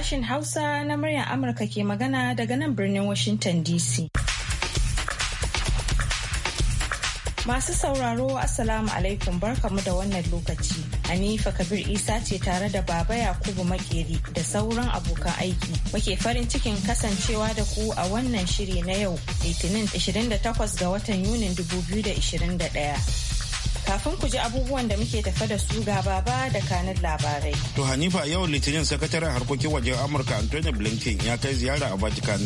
Sashin Hausa na muryar Amurka ke magana daga nan birnin Washington DC. Masu sauraro Assalamu alaikum barkamu da wannan lokaci. anifa Kabir Isa ce tare da Baba Yakubu Makeri da sauran abokan aiki. Muke farin cikin kasancewa da ku a wannan shiri na yau Litinin 28 ga watan Yunin 2021. Kafin ku ji abubuwan da muke tafe da su ga baba da kanin labarai. To Hanifa yau Litinin sakataren harkokin wajen Amurka Antonio Blinken ya kai ziyara a Vatican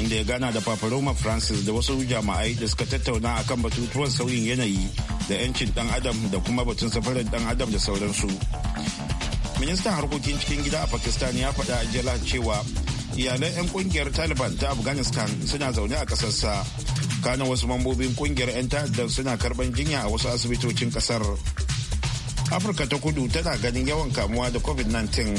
inda ya gana da Papa Roma Francis da wasu jama'ai da suka tattauna akan batutuwan sauyin yanayi da 'yancin dan adam da kuma batun safarar dan adam da sauransu. Ministan harkokin cikin gida a Pakistan ya faɗa a jela cewa iyalan 'yan kungiyar taliban ta afghanistan suna zaune a ƙasarsa kanan wasu mambobin kungiyar 'yan ta'addar suna karban jinya a wasu asibitocin kasar. afirka ta kudu tana ganin yawan kamuwa da covid-19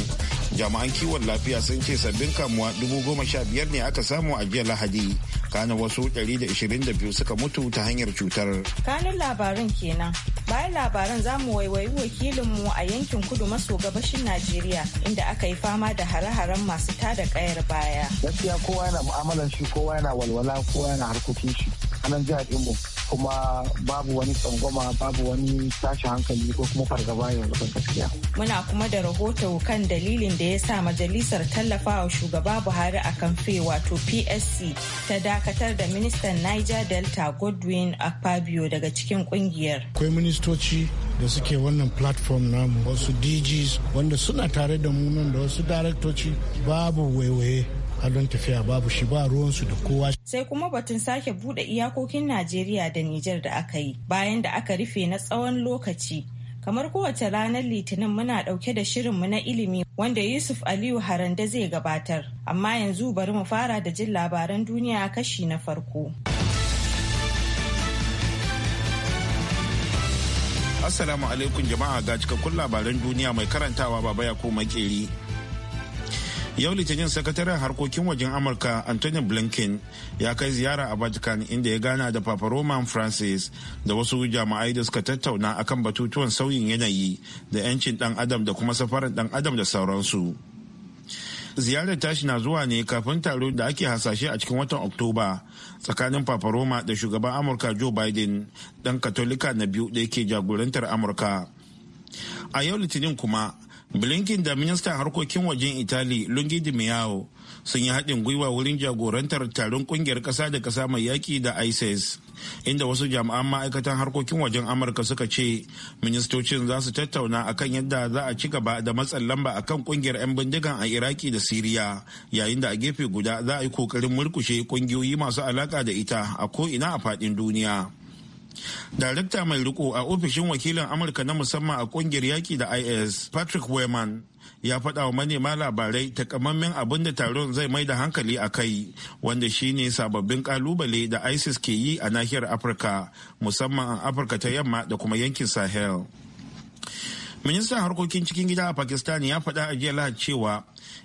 jami'an kiwon lafiya sun ce sabbin kamuwa dubu goma sha biyar ne aka samu a jiya lahadi kana wasu 122 suka mutu ta hanyar cutar. Kanin labarin kenan. Bayan labaran za mu waiwayi wakilinmu a yankin kudu maso gabashin Najeriya inda aka yi fama da hare-haren masu tada kayar baya. Gaskiya kowa yana mu'amalar shi kowa yana walwala kowa yana harkokin shi a jihar Imo kuma babu wani tsangwama babu wani tashin hankali ko kuma fargaba yanzu gaskiya. Muna kuma da rahoto kan dalilin da ya sa majalisar tallafawa shugaba Buhari a kamfe wato PSC ta dakatar da ministan Niger Delta Godwin Akpabio daga cikin kungiyar. Akwai ministoci da suke wannan platform namu wasu DGs wanda suna tare da mu da wasu daraktoci babu waiwaye halin tafiya babu shi ba ruwansu da kowa. Sai kuma batun sake bude iyakokin Najeriya da Nijar da aka yi bayan da aka rufe na tsawon lokaci Kamar kowace ranar Litinin muna ɗauke da shirin mu na ilimi wanda Yusuf Aliyu Haranda zai gabatar. Amma yanzu bari mu fara da jin labaran duniya kashi na farko. Assalamu alaikum jama'a ga cikakkun labaran duniya mai karantawa baba ya ko makeri. yau litinin sakataren harkokin wajen amurka anthony blinken ya kai ziyara a vatican inda ya gana da papa roman francis da wasu jama'ai da suka tattauna akan batutuwan sauyin yanayi da 'yancin dan adam da kuma safarar dan adam da sauransu ziyarar tashi na zuwa ne kafin taro da ake hasashe a cikin watan oktoba tsakanin papa roma da shugaban amurka joe biden dan katolika na biyu da yake jagorantar amurka a yau litinin kuma blinken da ministan harkokin wajen italy lungi di sun yi haɗin gwiwa wurin jagorantar taron ƙungiyar ƙasa da kasa mai yaƙi da isis e inda wasu jami'an ma'aikatan harkokin wajen amurka suka ce ministocin za su tattauna akan yadda za a ci gaba da matsan lamba akan ƙungiyar 'yan bindigan a iraki da siriya yayin da a gefe guda za a yi ƙoƙarin murkushe ƙungiyoyi masu alaƙa da ita a ko ina a faɗin duniya Darakta mai riko a ofishin wakilin Amurka na musamman a kungiyar yaki da IS, Patrick Wayman, ya faɗa wa manema labarai takamammen abin da taron zai mai da hankali a kai, wanda shi ne sababbin kalubale da ISIS ke yi a nahiyar Afirka, musamman a Afirka ta yamma da kuma yankin Sahel. Ministan harkokin cikin gida a Pakistan ya faɗa a jiya cewa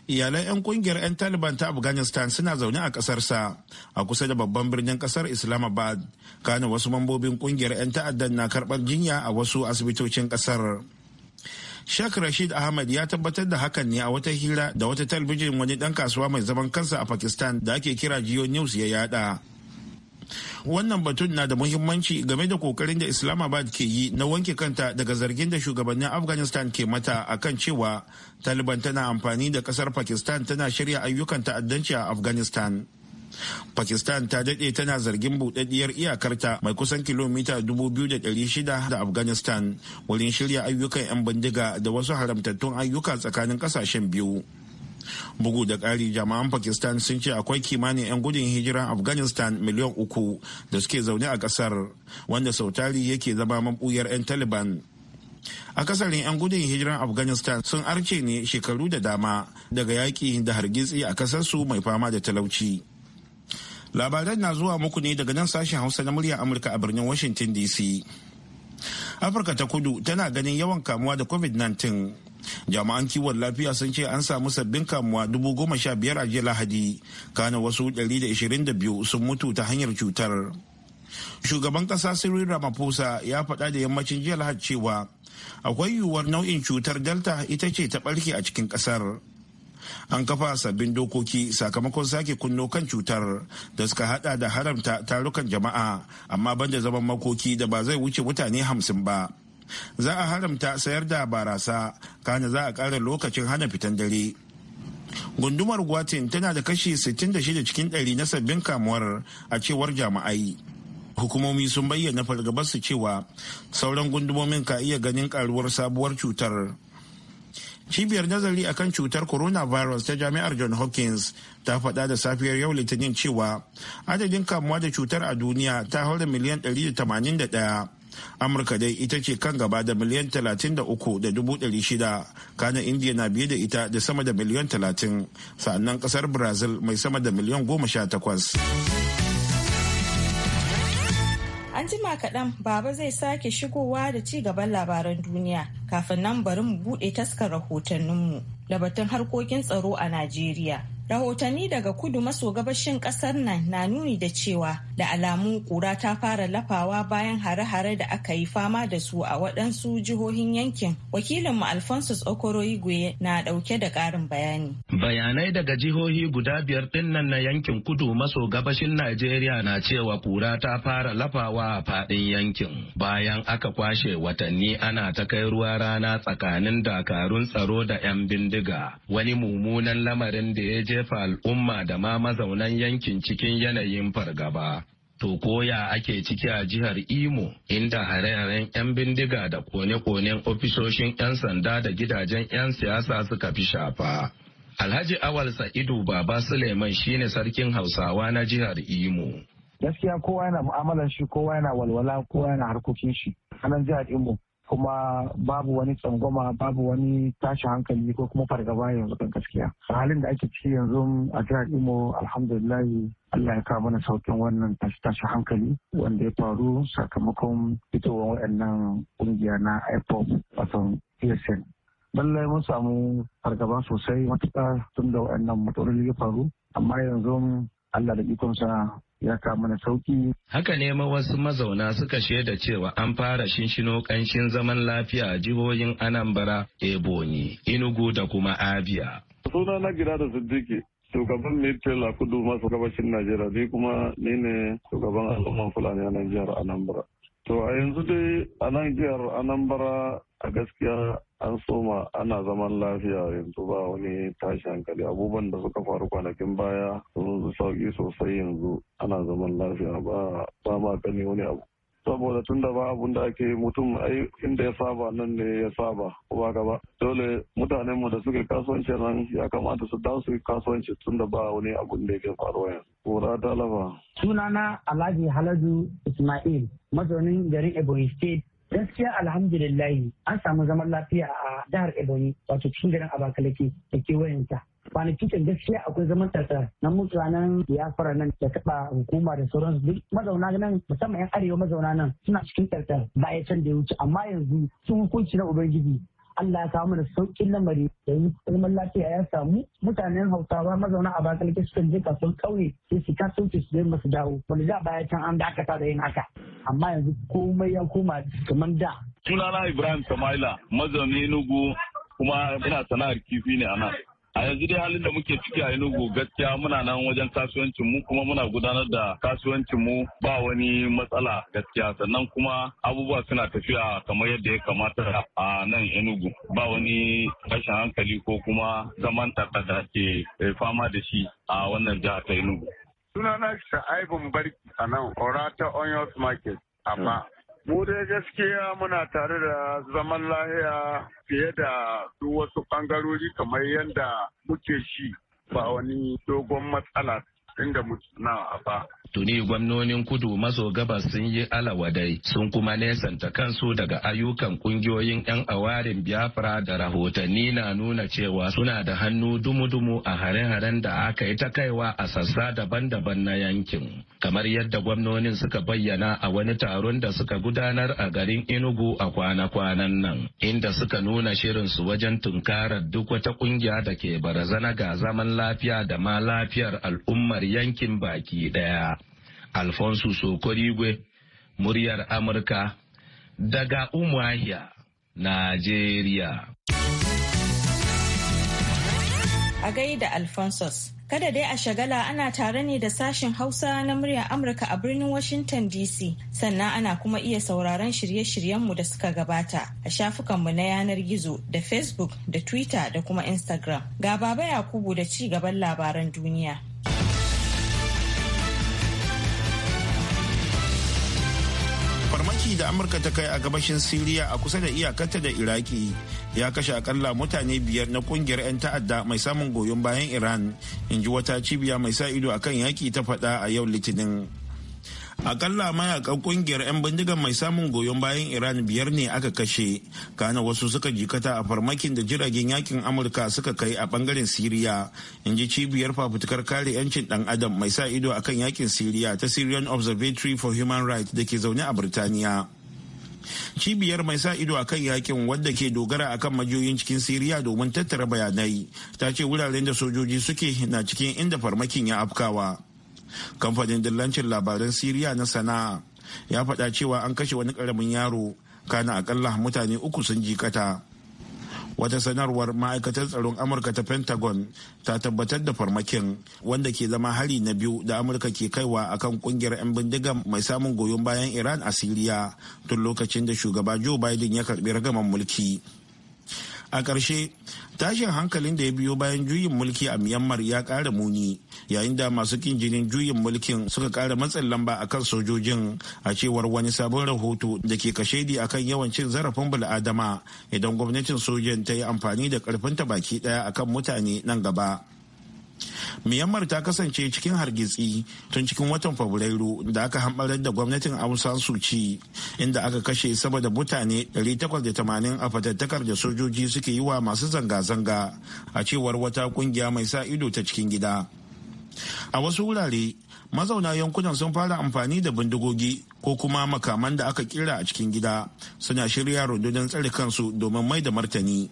iyalan 'yan kungiyar 'yan taliban ta afghanistan suna zaune a kasarsa a kusa da babban birnin kasar islamabad kana wasu mambobin kungiyar 'yan ta'addan na karɓar jinya a wasu asibitocin kasar Sheikh Rashid Ahmad ya tabbatar da hakan ne a wata hira da wata talbijin wani dan kasuwa mai zaman kansa a Pakistan da ake kira Jio News ya yada. wannan batun na da muhimmanci game da kokarin da islamabad ke yi na wanke kanta daga zargin da shugabannin afghanistan ke mata a kan cewa taliban tana amfani da kasar pakistan tana shirya ayyukan ta'addanci a afghanistan pakistan ta daɗe tana zargin buɗaɗɗiyar iyakarta mai kusan kilomita 2,600 da afghanistan wurin shirya ayyukan 'yan bindiga da wasu haramtattun ayyuka tsakanin ƙasashen biyu bugu da ƙari jama'an pakistan sun ce akwai kimanin 'yan gudun hijiran afghanistan miliyan uku da suke zaune a ƙasar wanda sautari yake zama mabuyar 'yan taliban A akasarin 'yan gudun hijiran afghanistan sun arce ne shekaru da dama daga yaƙi da hargitsi a ƙasarsu mai fama da talauci labaran na zuwa muku ne daga nan sashen hausa na murya amurka a birnin washington dc afirka ta kudu tana ganin yawan kamuwa da covid-19 jami'an kiwon lafiya sun ce an samu sabbin kamuwa dubu goma sha biyar a jiya lahadi kana wasu ɗari da ishirin da biyu sun mutu ta hanyar cutar shugaban ƙasa sirri ramaphosa ya faɗa da yammacin jiya lahadi cewa akwai yiwuwar nau'in cutar delta ita ce ta ɓarke a cikin ƙasar an kafa sabbin dokoki sakamakon sake kunno kan cutar da suka hada da haramta tarukan jama'a amma banda zaman makoki da ba zai wuce mutane hamsin ba za a haramta sayar da barasa kana za a ƙara lokacin hana fitan dare gundumar gwatin tana da kashi 66 cikin 100 na sabbin kamuwar a cewar jama'ai hukumomi sun bayyana fargabarsu cewa sauran gundumomin ka iya ganin karuwar sabuwar cutar cibiyar nazari akan cutar coronavirus ta jami'ar john Hawkins ta faɗa da safiyar yau litinin cewa adadin kamuwa da cutar a duniya ta hau da miliyan 181 amurka dai ita ce kan gaba da miliyan 33,600 kana indiya na biye da ita da sama da miliyan 30 sannan kasar brazil mai sama da miliyan 18 an jima kaɗan baba zai sake shigowa da ci gaban labaran duniya kafin nan bari mu buɗe taskar rahotanninmu da batun harkokin tsaro a najeriya Rahotanni daga kudu maso gabashin kasar nan na nuni da cewa da alamu kura ta fara lafawa bayan hare-hare da aka yi fama da su a waɗansu jihohin yankin. Wakilinmu Alphonsus Okoro Igwe na ɗauke da ƙarin bayani. Bayanai daga jihohi guda biyar ɗin nan na yankin kudu maso gabashin Najeriya na cewa kura ta fara lafawa a faɗin yankin. Bayan aka kwashe watanni ana ta kai ruwa rana tsakanin dakarun tsaro da 'yan bindiga. Wani mummunan lamarin da ya je jefa al'umma da ma mazaunan yankin cikin yanayin fargaba. To koya ake ciki a jihar Imo inda hare-haren 'yan bindiga da kone-konen ofisoshin 'yan sanda da gidajen 'yan siyasa suka fi shafa. Alhaji Awal Sa'idu Baba Suleiman shine sarkin Hausawa na jihar Imo. Gaskiya kowa yana mu'amalar shi kowa yana walwala kowa yana harkokin shi. Anan jihar Imo kuma babu wani tsangwama babu wani tashi hankali ko kuma fargaba yanzu kan gaskiya A halin da ake ciki yanzu a jihar imo alhamdulillah Allah ya kawo mana saukin wannan tashi hankali wanda ya faru sakamakon fitowar waɗannan ƙungiya na IPOP wato PSN. Lallai mun samu fargaba sosai matuƙa tun da waɗannan matsaloli ya faru amma yanzu Allah da ikonsa ya samu mana sauki. Haka ne ma wasu mazauna suka shaida cewa an fara shinshino kanshin zaman lafiya a jihohin Anambra, Ebonyi, Enugu da kuma Abia. Suna na gida da Siddiqui. shugaban Mitchell a kudu maso gabashin najeriya ni kuma ni ne shugaban al'umman fulani a najeriya anambra To a yanzu dai a nan jihar Anambra a gaskiya an soma ana zaman lafiya yanzu ba wani tashi hankali abubuwan da suka faru kwanakin baya sun sauki sosai yanzu ana zaman lafiya ba ma gani wani abu saboda tun da ba abun da ake mutum ai inda ya saba nan ne ya saba ba gaba dole mutanenmu da suke kasuwanci nan ya kamata su dawo su kasuwanci tun da ba wani abun da yake faruwa yanzu talaba sunana alhaji haladu ismail mazaunin garin ebonyi state gaskiya alhamdulillahi an samu zaman lafiya a jihar ebonyi wato cikin garin abakalake da kewayenta kwanaki can gaskiya akwai zaman tattara na mutanen fara nan da taɓa hukuma da sauransu duk mazauna nan musamman 'yan arewa mazauna nan suna cikin tattara baya can da ya wuce amma yanzu sun hukunci na ubangiji Allah ya samu mana sauƙin lamari da kalmar lafiya ya samu mutanen Hausawa mazauna a Bakalake sukan je kasuwar kauye sai su kasance su zai masu dawo wanda za baya can an dakata da yin haka amma yanzu komai ya koma kamar da. Sunana Ibrahim Samaila mazauni Enugu kuma ina sana'ar kifi ne a nan. a yanzu dai halin da muke ciki a Enugu gaskiya muna nan wajen kasuwancin mu kuma muna gudanar da kasuwancin mu ba wani matsala gaskiya sannan kuma abubuwa suna tafiya kamar yadda ya kamata a nan Enugu ba wani rashin hankali ko kuma zaman taka da ke eh, fama da shi a wannan jihar ta Enugu. Sunana Sha'aibun Barki a nan Orata Onyos Market amma Mu dai gaskiya muna tare da zaman lahiya fiye da duk wasu ɓangarori kamar yadda muke shi ba wani dogon matsala inda na ba. Tuni gwamnonin kudu maso gabas sun yi alawadai sun kuma nesanta kansu daga ayyukan kungiyoyin 'yan awarin Biafra da rahotanni na nuna cewa suna da hannu dumu-dumu a hare-haren da aka yi ta kaiwa a sassa daban-daban na yankin. kamar yadda gwamnonin suka bayyana a wani taron da suka gudanar a garin Enugu a kwana-kwanan nan, inda suka nuna shirinsu wajen tunkarar duk wata kungiya da ke barazana ga zaman lafiya da ma lafiyar al'ummar yankin baki ɗaya. Alfonso Sokorigwe, muryar Amurka, daga Umuahia, Najeriya. A gaida Alphonsus. Kada dai a shagala ana tare ne da sashen Hausa na muryar Amurka a birnin Washington DC. Sannan ana kuma iya sauraron shirye-shiryenmu da suka gabata a shafukanmu na yanar gizo da Facebook da Twitter da kuma Instagram. Ga Baba Yakubu da ci gaban labaran duniya. da amurka ta kai a gabashin siriya a kusa da iyakarta da iraki ya kashe akalla mutane biyar na kungiyar 'yan ta'adda mai samun goyon bayan iran in ji wata cibiya mai sa ido akan yaki ta faɗa a yau litinin akalla mayakan kungiyar 'yan bindigar mai samun goyon bayan iran biyar ne aka kashe kana wasu suka jikata a farmakin da jiragen yakin amurka suka kai a bangaren siriya in ji cibiyar fafutukar kare 'yancin dan adam mai sa ido akan yakin siriya ta syrian observatory for human rights da ke zaune a birtaniya cibiyar mai sa ido akan yakin wadda ke dogara akan majiyoyin cikin siriya domin tattara bayanai ta ce wuraren da sojoji suke na cikin inda farmakin ya afkawa kamfanin dillancin labaran siriya na sana'a ya faɗa cewa an kashe wani karamin yaro kana akalla mutane uku sun jikata wata sanarwar ma'aikatar tsaron amurka ta pentagon ta tabbatar da farmakin wanda ke zama hari na biyu da amurka ke kaiwa akan kungiyar 'yan bindiga mai samun goyon bayan iran a siriya tun lokacin da shugaba joe biden ya karbi ragaman mulki a ƙarshe tashin hankalin da ya biyo bayan juyin mulki a myanmar ya ƙara muni yayin da masu kin jinin juyin mulkin suka ƙara matsin lamba a kan sojojin a cewar wani sabon rahoto da ke kashedi akan yawan cin zarafin bil'adama idan gwamnatin sojan ta yi amfani da ƙarfinta baki ɗaya akan mutane nan gaba Myanmar ta kasance cikin hargitsi tun cikin watan Fabrairu da aka hambarar da gwamnatin Aung San Suu Kyi inda aka kashe sama da mutane 880 a fatattakar da sojoji suke yi wa masu zanga-zanga a cewar wata kungiya mai sa ido ta cikin gida. A wasu wurare mazauna yankunan sun fara amfani da bindigogi ko kuma makaman da aka kira a cikin gida suna shirya rundunar tsare kansu domin mai da martani.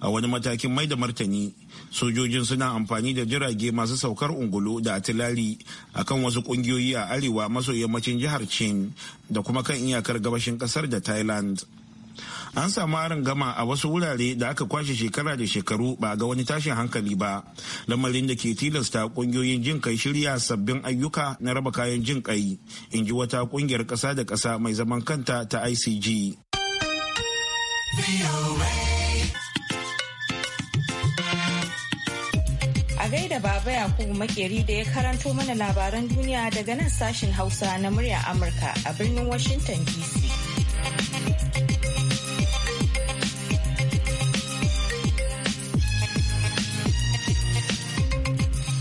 A wani matakin mai da martani sojojin suna amfani da jirage masu saukar ungulu da atilari a kan wasu kungiyoyi a arewa maso yammacin jihar chin da kuma kan iyakar gabashin kasar da thailand an samu arin gama a wasu wurare da aka kwashe shekara da shekaru ba ga wani tashin hankali ba lamarin da ke tilasta kungiyoyin jin kai shirya sabbin ayyuka na raba kayan jin kai in ji wata kungiyar kasa da kasa mai zaman kanta ta icg A da Baba Yakubu Makeri da ya karanto mana labaran duniya daga nan sashen Hausa na murya Amurka a birnin Washington DC.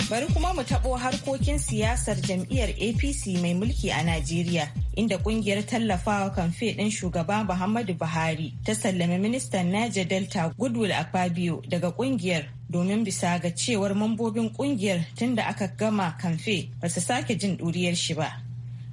Bari kuma mu taɓo harkokin siyasar jam'iyyar APC mai mulki a Najeriya. inda kungiyar tallafawa kamfe ɗin shugaba Muhammadu Buhari ta sallami ministan Niger Delta Goodwill Akpabio daga kungiyar domin bisa ga cewar mambobin kungiyar tun da aka gama kamfe ba su sake jin ɗuriyar shi ba.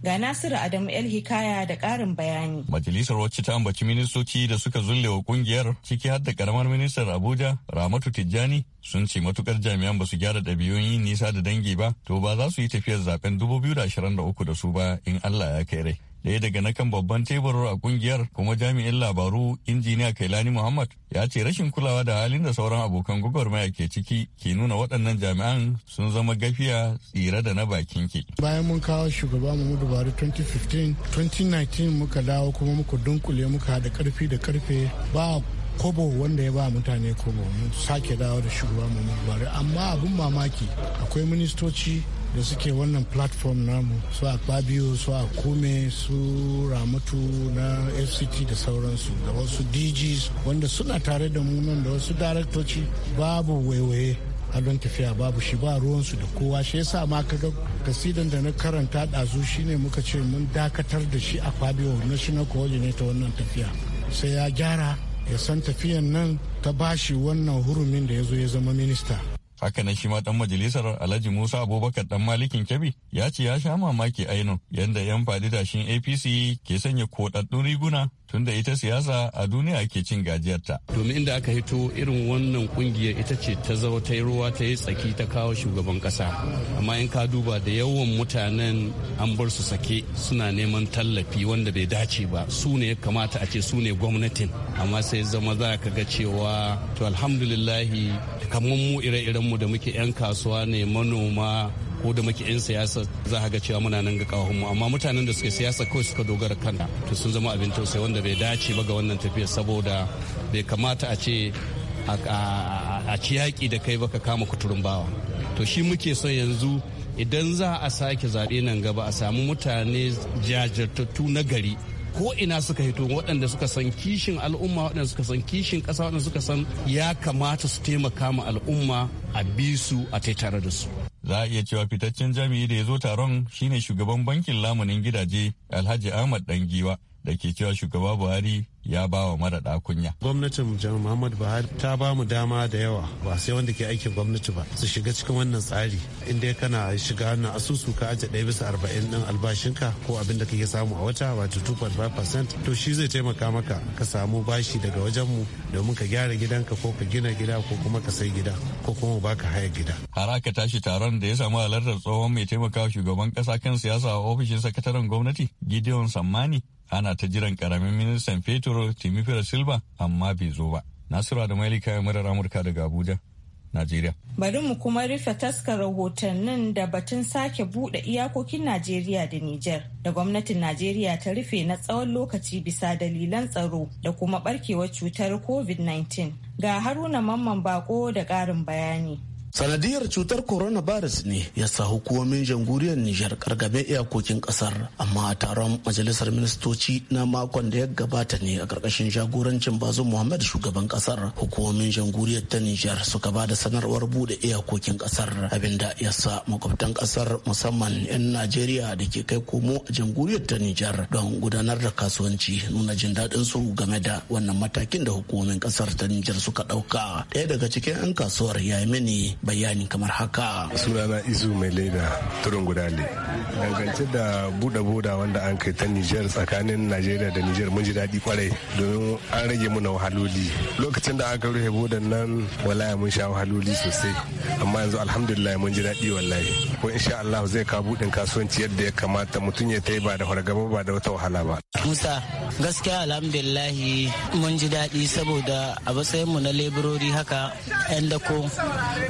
Ga Nasiru Adamu El Hikaya da ƙarin bayani. Majalisar wacce ta ambaci ministoci da suka zulle wa kungiyar ciki har da karamar ministar Abuja Ramatu Tijjani sun ce matukar jami'an ba su gyara ɗabi'un yin nisa da dangi ba to ba za su yi tafiyar zaben 2023 da su ba in Allah ya kai rai. Ɗaya daga na kan babban tebur a kungiyar kuma jami'in labaru injiniya Kailani Muhammad ya ce rashin kulawa da halin da sauran abokan gwagwarmaya ke ciki ke nuna waɗannan jami'an sun zama gafiya tsira da na bakin ki. Bayan mun kawo shugaba mu dubaru 2015, 2019 muka dawo kuma muka dunkule muka haɗa karfi da karfe ba kobo wanda ya ba mutane kobo mu sake dawo da shugaba mu bari amma abun mamaki akwai ministoci da suke wannan platform namu su a kwabiyo su a kome su ramatu na fct da sauransu da wasu dgs wanda suna tare da mu nan da wasu daraktoci babu waiwaye halin tafiya babu shi ba ruwansu da kowa shi yasa ma kaga kasidan da na karanta ɗazu shine muka ce mun dakatar da shi a kwabiyo national coordinator wannan tafiya sai ya gyara ya san tafiyan nan ta bashi wannan hurumin da ya zo ya zama minista haka nan shi ma dan majalisar alhaji musa abubakar dan malikin kebbi ya ce ya sha mamaki ainun yadda yan shin apc ke sanya kodaddun riguna tunda ita siyasa a duniya ke cin gajiyarta domin inda aka hito irin wannan kungiyar ita ce ta zama ta yi ruwa ta yi tsaki ta kawo shugaban kasa amma in ka duba da yawan mutanen an bar su sake suna neman tallafi wanda bai dace ba su ne ya kamata a ce su ne gwamnatin amma sai zama za ka ga cewa to alhamdulillahi kamar mu ire-iren mu da muke 'yan kasuwa ne manoma ko da muke 'yan siyasa za a ga cewa muna nan ga mu amma mutanen da suke siyasa kawai suka dogara kan to sun zama abin tausayi wanda bai dace ba ga wannan tafiyar saboda bai kamata a ce a ci yaƙi da kai baka kama kuturin bawa to shi muke so yanzu idan za a sake zaɓe nan gaba a samu mutane jajirtattu na gari ko ina suka hito waɗanda suka san kishin al'umma waɗanda suka san kishin ƙasa waɗanda suka san ya kamata su taimaka ma al'umma a bi su a tare da su. Za a iya cewa fitaccen jami'i da ya zo taron shine shugaban bankin lamunin gidaje Alhaji Ahmad Dangiwa da ke cewa shugaba buhari ya ba wa maraɗa kunya. Gwamnatin Jan Muhammadu Buhari ta ba mu dama da yawa ba sai wanda ke aikin gwamnati ba su shiga cikin wannan tsari inda kana shiga wannan asusu ka aje ɗaya bisa arba'in ɗin albashinka ko abin da kake samu a wata wato 2.5% to shi zai taimaka maka ka samu bashi daga wajenmu domin ka gyara gidanka ko ka gina gida ko kuma ka sai gida ko kuma ba ka haya gida. Har aka tashi taron da ya samu halartar tsohon mai taimakawa shugaban kasa kan siyasa a ofishin sakataren gwamnati Gideon Sammani ana ta jiran karamin ministan fetur timifira silva amma bai zo ba nasiru da mailika murar amurka daga abuja najeriya bari mu kuma rufe taskar rahotannin da batun sake bude iyakokin najeriya da niger da gwamnatin najeriya ta rufe na tsawon lokaci bisa dalilan tsaro da kuma barkewar cutar covid-19 ga haruna mamman bako da karin bayani sanadiyar cutar Corona virus ne ya sa hukumomin jamhuriyar nijar gargabe iyakokin kasar amma a taron majalisar ministoci na makon da ya gabata ne a karkashin jagorancin bazu muhammad shugaban kasar hukumomin jamhuriyar ta nijar suka ba da sanarwar bude iyakokin kasar abinda ya sa makwabtan kasar musamman 'yan najeriya da ke kai komo a jamhuriyar ta nijar don gudanar da kasuwanci nuna jin daɗin su game da wannan matakin da hukumomin kasar ta nijar suka ɗauka ɗaya daga cikin 'yan kasuwar ya yi mini bayani kamar haka. Sunana Izu mai leda turin gudale. Dangance da buɗe boda wanda an kai ta Nijar tsakanin Najeriya da Nijar mun ji daɗi kwarai domin an rage muna wahaloli. Lokacin da aka rufe bodan nan wallahi mun sha wahaloli sosai amma yanzu alhamdulillah mun ji daɗi wallahi. Ko insha Allah zai kawo buɗin kasuwanci yadda ya kamata mutum ya ta ba da fargaba ba da wata wahala ba. Musa gaskiya alhamdulillah mun ji daɗi saboda a matsayinmu na leburori haka 'yan dako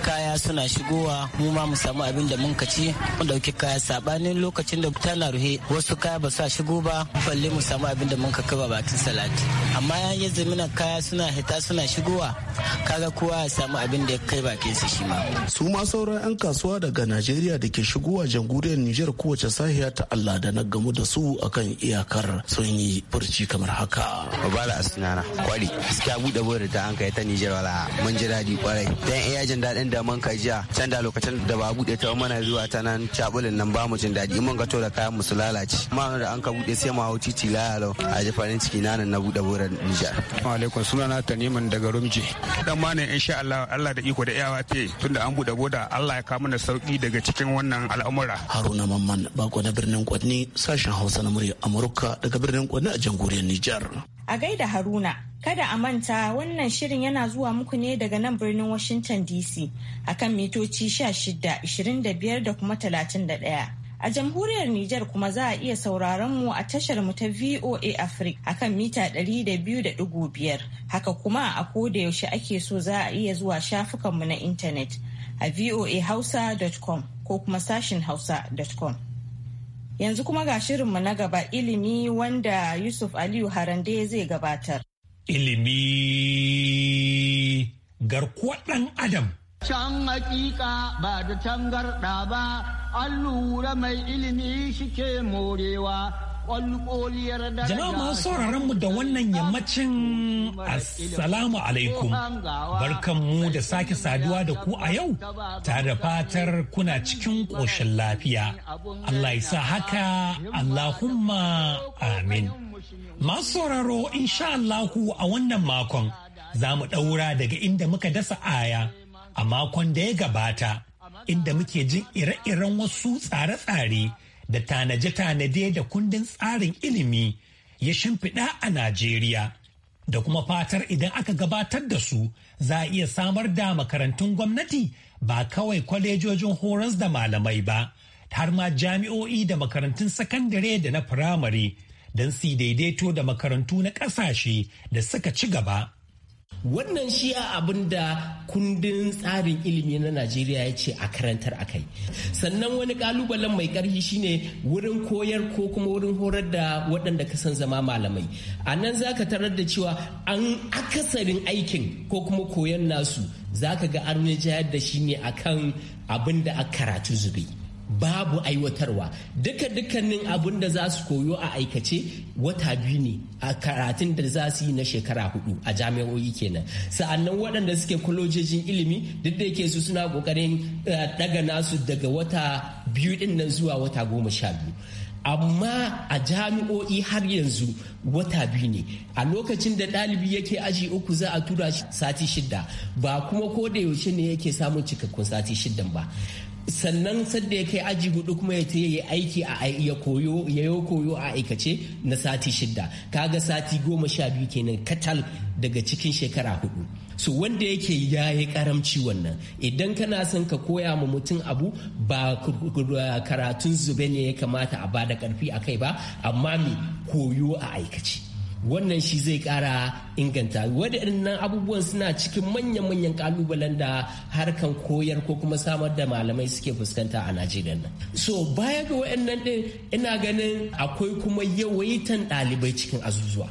kaya kaya suna shigowa mu ma mu samu abin da mun ci mu dauki kaya sabanin lokacin da tana ruhe wasu kaya ba sa shigo ba balle mu samu abin da mun ka kaba bakin salati amma yayin zamina kaya suna hita suna shigowa kaga kowa ya samu abin da ya kai bakin sa shi ma su ma sauran yan kasuwa daga Najeriya da ke shigowa jamhuriyar Nijar kowace sahiya ta Allah da na gamu da su akan iyakar sun yi furci kamar haka bala asinana kwari gaskiya bude bude ta an kai ta Nijar wala mun ji daɗi kwarai dan iya jin daɗin da mun kai jiya can da lokacin da ba bude ta mana zuwa ta nan cabulin nan ba mu jin daɗi mun ga to da kayan mu su lalace amma da an ka bude sai ma hau titi layalau a ji farin ciki na nan na buran Nija Nijar. Alaikum suna na Taniman daga Rumji. Dan ma ne insha Allah Allah da iko da iyawa te tunda an bude boda Allah ya kawo mana sauki daga cikin wannan al'amura. Haruna Mamman bako na birnin Kwadni sashen Hausa na murya Amurka daga birnin Kwadni a jamhuriyar Nijar. A gaida Haruna, kada a manta wannan shirin yana zuwa muku ne daga nan birnin Washington DC akan mitoci 16, da kuma 31. A jamhuriyar Nijar kuma za a iya sauraron mu a tashar mu ta VOA Africa akan mita 200.5. Haka kuma a da yaushe ake so za a iya zuwa shafukanmu na intanet a voahausa.com ko kuma sashin hausa.com. Yanzu kuma ga shirinmu na gaba ilimi wanda Yusuf Aliyu Harande zai gabatar. Ilimi garkuwa ɗan Adam. Can hakika ba da tangarɗa ba, an lura mai ilimi shike morewa Jama'a masu sauraron mu da wannan yammacin Assalamu alaikum. Barkan mu da sake saduwa da ku a yau tare da fatar kuna cikin ƙoshin lafiya. Allah ya sa haka Allahumma amin. Masu sauraro insha Allahu a wannan makon za mu ɗaura daga inda muka dasa aya a makon da ya gabata inda muke jin ire-iren wasu tsare-tsare. da tanaje-tanade da kundin tsarin ilimi ya shimfiɗa a Najeriya. Da kuma fatar idan aka gabatar da su za a iya samar da makarantun gwamnati ba kawai kwalejojin horas da malamai ba, har ma jami'o'i da makarantun sakandare da na firamare don su daidaito da makarantu na ƙasashe da suka ci gaba. wannan shi a abin da kundin tsarin ilimi na najeriya ya ce a karantar a kai sannan wani kalubalen mai karfi shine wurin koyar ko kuma wurin horar da waɗanda ka san zama malamai a nan za ka tarar da cewa an akasarin aikin ko kuma koyon nasu za ka ga an da shi ne a kan abin da a karatu zube. babu aiwatarwa duka dukkanin abun da za su koyo a aikace wata biyu ne a karatun da za su yi na shekara hudu a jami'o'i kenan sa'annan waɗanda suke kwalojejin ilimi duk da yake su suna ƙoƙarin daga eh, nasu daga wata biyu ɗin nan zuwa wata goma sha biyu amma a jami'o'i har yanzu wata biyu ne a lokacin da ɗalibi yake aji uku za a tura sati shida ba kuma ko da yaushe ne yake samun cikakkun sati shidan ba sannan sadda ya kai aji hudu kuma ya yi aiki a ya koyo ya yi koyo a aikace na sati shida kaga sati goma sha biyu kenan katal daga cikin shekara hudu so wanda yake ya yi karamci wannan idan kana son ka koya ma mutum abu ba karatun zube ne ya kamata a bada karfi a kai ba amma mai koyo a aikace wannan shi zai kara inganta waɗannan abubuwan suna cikin manyan-manyan kalubalen da harkan koyar ko kuma samar da malamai suke fuskanta a najeriya nan so baya ga waɗannan ɗin ina ganin akwai kuma yawaitan ɗalibai cikin azuzuwa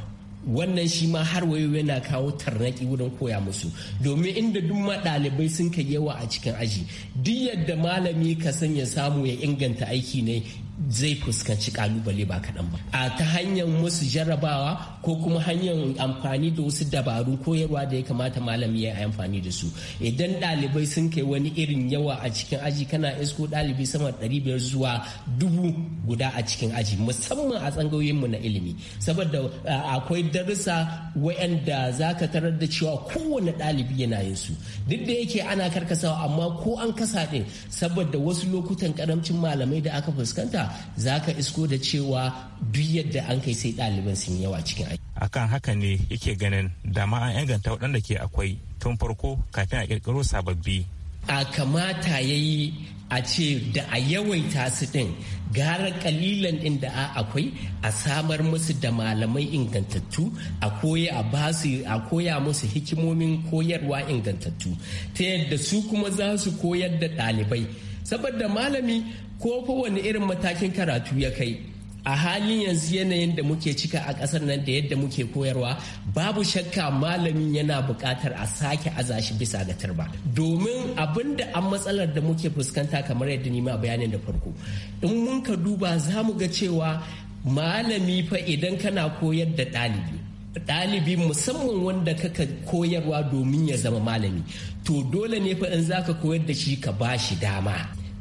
wannan shi ma har wayo yana kawo tarnaki wurin koya musu domin inda duk ma ɗalibai sun kai yawa a cikin aji duk yadda malami ka sanya samu ya inganta aiki ne zai fuskanci kalubale ba kaɗan ba a ta hanyar wasu jarrabawa ko kuma hanyar amfani da wasu dabarun koyarwa da ya kamata malami ya amfani da su idan ɗalibai sun kai wani irin yawa a cikin aji kana isko ɗalibi sama ɗari biyar zuwa dubu guda a cikin aji musamman a tsangayoyin mu na ilimi saboda akwai darussa wayanda za ka tarar da cewa kowane ɗalibi yana yin su duk da yake ana karkasawa amma ko an kasa ɗin saboda wasu lokutan karamcin malamai da aka fuskanta za ka isko da cewa duk yadda an kai sai ɗaliban sun yawa cikin aiki. akan haka ne yake ganin dama an inganta waɗanda ke akwai tun farko kafin a ƙirƙiro sababbi a kamata ya yi a ce da a yawaita su ɗin gara kalilan ɗin da akwai a samar musu da malamai ingantattu a koya a basu a koya musu hikimomin koyarwa ingantattu ta yadda su kuma za su koyar da ɗalibai saboda malami ko kowane irin matakin karatu ya kai a halin yanzu yanayin da muke cika a ƙasar nan da yadda muke koyarwa babu shakka malamin yana buƙatar a sake azashi bisa ga turba domin abin da an matsalar da muke fuskanta kamar yadda nima bayanin da farko in mun ka duba za mu ga cewa malami fa idan kana koyar da ɗalibi ɗalibi musamman wanda kaka koyarwa domin ya zama malami to dole ne fa in za ka koyar da shi ka ba shi dama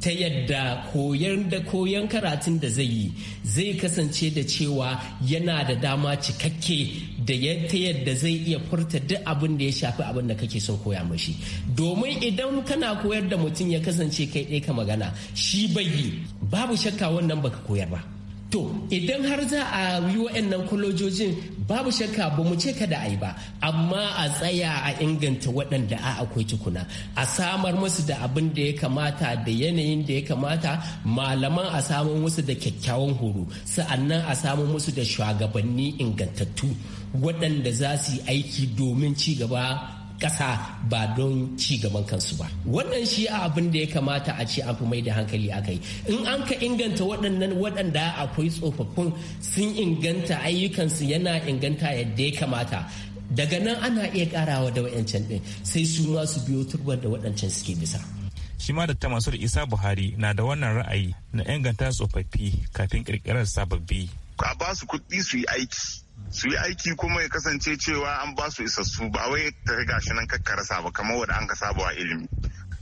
ta yadda koyar da koyon karatun da zai yi zai kasance da cewa yana da dama cikakke da ta yadda zai iya furta duk abin da ya shafi abin da kake son koya mashi domin idan kana koyar da mutum ya kasance kai ɗaya ka magana shi bai yi babu shakka wannan baka koyar ba to idan har za a yi wa'annan kwalojojin babu shakka ba mu ce kada a yi ba amma a tsaya a inganta waɗanda a akwai tukuna a samar musu da abin da ya kamata da yanayin da ya kamata malaman a samun musu da kyakkyawan horo sa'annan a samun musu da shugabanni ingantattu waɗanda za su yi aiki domin ci gaba ƙasa ba don ci gaban kansu ba wannan shi a abin da ya kamata a ce an fi mai da hankali a kai in an ka inganta waɗannan waɗanda akwai tsofaffin sun inganta ayyukansu yana inganta yadda ya kamata daga nan ana iya karawa da wayancan ɗin sai su ma su biyo turbar da waɗancan suke bisa shi ma da masur isa buhari na da wannan ra'ayi na inganta tsofaffi kafin ƙirƙirar sababbi a ba su kuɗi su yi aiki su yi aiki kuma ya kasance cewa an ba su isassu ba wai ta riga shi nan kakkarasa ba kamar wanda an ka sabawa ilimi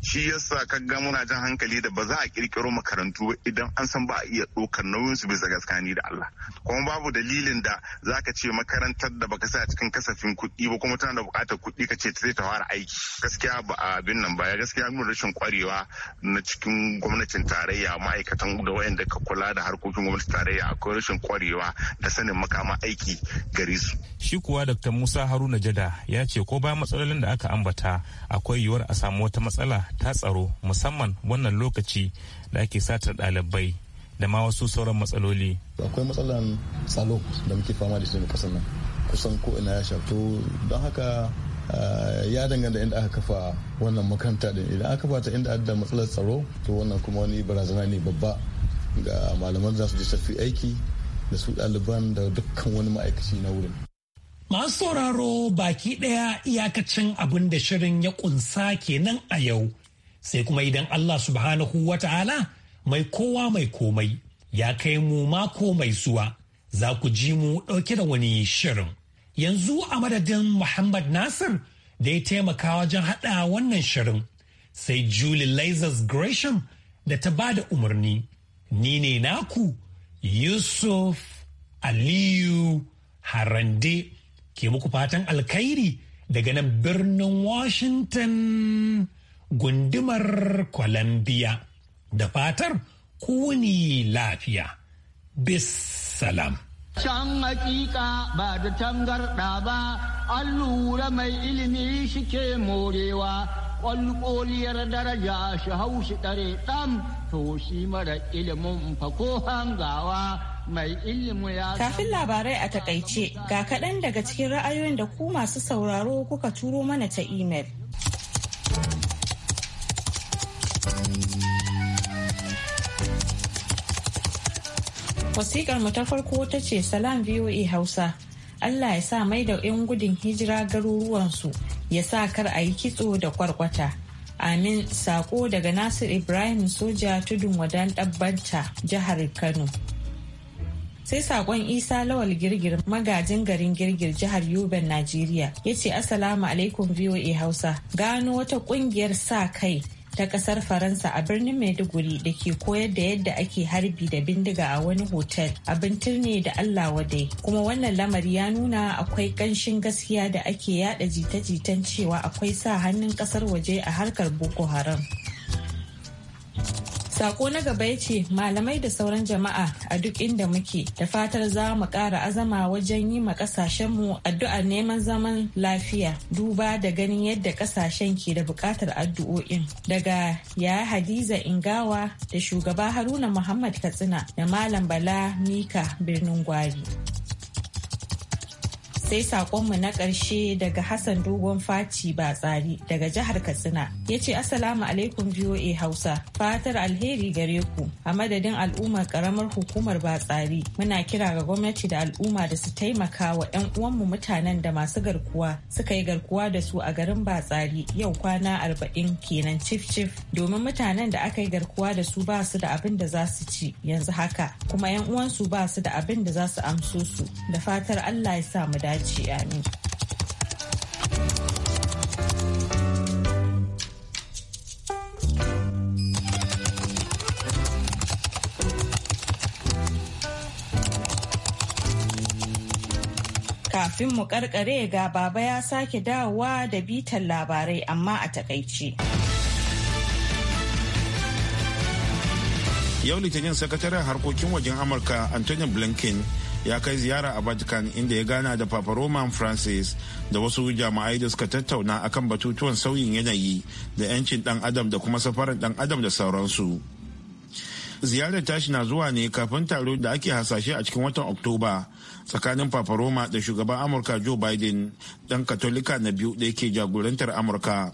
shi yasa ka ga muna jan hankali da ba za a kirkiro makarantu ba idan an san ba a iya ɗaukar nauyin su bisa gaskani da Allah kuma babu dalilin da zaka ce makarantar da baka sa cikin kasafin kuɗi ba kuma tana da buƙatar kuɗi ka ce ta ta fara aiki gaskiya ba abin nan ba gaskiya nuna rashin kwarewa na cikin gwamnatin tarayya ma'aikatan da wayanda ka kula da harkokin gwamnatin tarayya akwai rashin kwarewa da sanin makama aiki gare su shi kuwa Dr. Musa Haruna Jada ya ce ko ba matsalolin da aka ambata akwai yiwuwar a samu wata matsala ta tsaro musamman wannan lokaci da ake satar ɗalibai da ma wasu sauran matsaloli. Akwai matsalan tsaro da muke fama da shi ne kasan nan kusan ko ina ya shafto don haka eh, ya danganta inda aka kafa wannan makaranta din idan aka kafa ta inda da matsalar tsaro to wannan kuma wani barazana ne babba ga malaman za su je tafi aiki da su ɗaliban da dukkan wani ma'aikaci na wurin. Masu sauraro baki ɗaya iyakacin abin da shirin ya kunsa kenan a yau sai kuma idan Allah subhanahu wa ta'ala mai kowa mai komai ya kai mu mako mai zuwa za ku ji mu ɗauke da wani shirin. Yanzu a madadin Muhammad Nasir da ya taimaka wajen haɗa wannan shirin sai Julie Lazarus Gresham da ta ba da umarni. Ni ne naku Yusuf Aliyu Harande ke muku fatan alkhairi daga nan birnin Washington. gundumar kwalambiya Da fatar kuni lafiya. Bis salam. Can hakika ba da tangarɗa ba, an lura mai ilimi shike morewa, ƙwalƙoliyar daraja shi haushi ɗare ɗan to shi mara ilimin fako hangawa mai ilimi ya Kafin labarai a takaice, ga kaɗan daga cikin ra'ayoyin da ku masu sauraro kuka turo mana ta imel. Wasikar mu ta farko ta ce salam VOA Hausa. Allah ya sa mai da 'yan gudun hijira garuruwansu ya sa kar a yi kitso da kwarkwata. Amin sako daga Nasir Ibrahim Soja tudun wadan ɗabbanta jihar Kano. Sai sakon Isa Lawal Girgir magajin garin Girgir jihar Yoben Najeriya ya ce Assalamu alaikum VOA Hausa gano wata kungiyar sa kai ta kasar faransa a birnin maiduguri da ke koyar da yadda ake harbi da bindiga a wani hotel abin turne da allah wadai kuma wannan lamari ya nuna akwai ƙanshin gaskiya da ake yada jita-jitan cewa akwai sa hannun kasar waje a harkar boko haram Sako na gaba ya ce malamai da sauran jama'a a duk inda muke da fatar za mu ƙara azama wajen yi ma ƙasashenmu addu'ar neman zaman lafiya duba da ganin yadda ƙasashen ke da buƙatar addu'o'in daga ya Hadiza Ingawa da shugaba Haruna Muhammad Katsina da Malam Bala Mika birnin Gwari. sai sakonmu na ƙarshe daga Hassan Dogon Faci Batsari daga jihar Katsina ya ce Assalamu alaikum VOA Hausa fatar alheri gare ku a madadin al'ummar ƙaramar hukumar Batsari muna kira ga gwamnati da al'umma da su taimaka wa 'yan uwanmu mutanen da masu garkuwa suka yi garkuwa da su a garin Batsari yau kwana arba'in kenan cif cif domin mutanen da aka yi garkuwa da su ba su da abin da za su ci yanzu haka kuma 'yan uwansu ba su da abin da za su amso su da fatar Allah ya sa mu dace. ci eh, Kafin mu karkare ga baba ya sake dawowa da bitan labarai amma a takaici. Yau Litinin sakataren harkokin wajen Amurka Antonio Blinken ya kai ziyara a vatican inda ya gana da papa roman francis da wasu jama'ai da suka tattauna akan batutuwan sauyin yanayi da 'yancin dan adam da kuma safarar dan adam da sauransu ziyarar tashi na zuwa ne kafin taro da ake hasashe a cikin watan oktoba tsakanin papa roma da shugaban amurka joe biden dan katolika na biyu da yake jagorantar amurka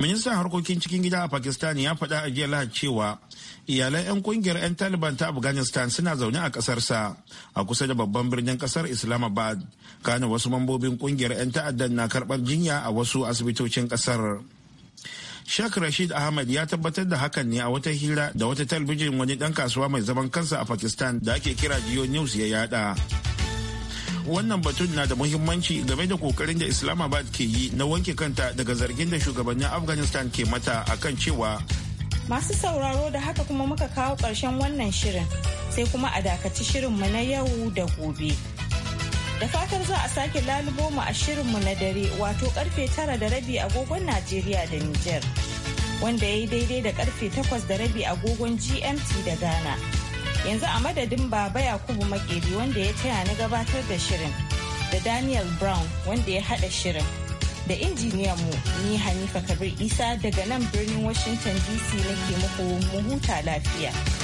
ministan harkokin cikin gida a pakistan ya faɗa a jiya lahad cewa iyalan 'yan kungiyar 'yan taliban ta afghanistan suna zaune a ƙasarsa a kusa da babban birnin ƙasar islamabad kana wasu mambobin kungiyar 'yan ta'addan na karɓar jinya a wasu asibitocin ƙasar Sheikh Rashid Ahmad ya tabbatar da hakan ne a wata hira da wata talbijin wani ɗan kasuwa mai zaman kansa a Pakistan da ake kira Jio News ya yada. wannan batun na da muhimmanci game da kokarin da islamabad ke yi na wanke kanta daga zargin da shugabannin afghanistan ke mata akan cewa Masu sauraro da haka kuma muka kawo ƙarshen wannan shirin sai kuma a dakaci shirinmu na yau da gobe. Da fatar za a sake lalubo mu a shirinmu na dare wato karfe tara da rabi agogon Najeriya da Nijar. Wanda ya yi daidai da karfe takwas da rabi agogon GMT da Ghana. Yanzu a madadin Baba Yakubu Makeri wanda ya taya ni gabatar da shirin da Daniel Brown wanda ya haɗa shirin. da injiniyan mu ni Hanifa Kabir Isa daga nan birnin Washington DC nake muku mu huta lafiya.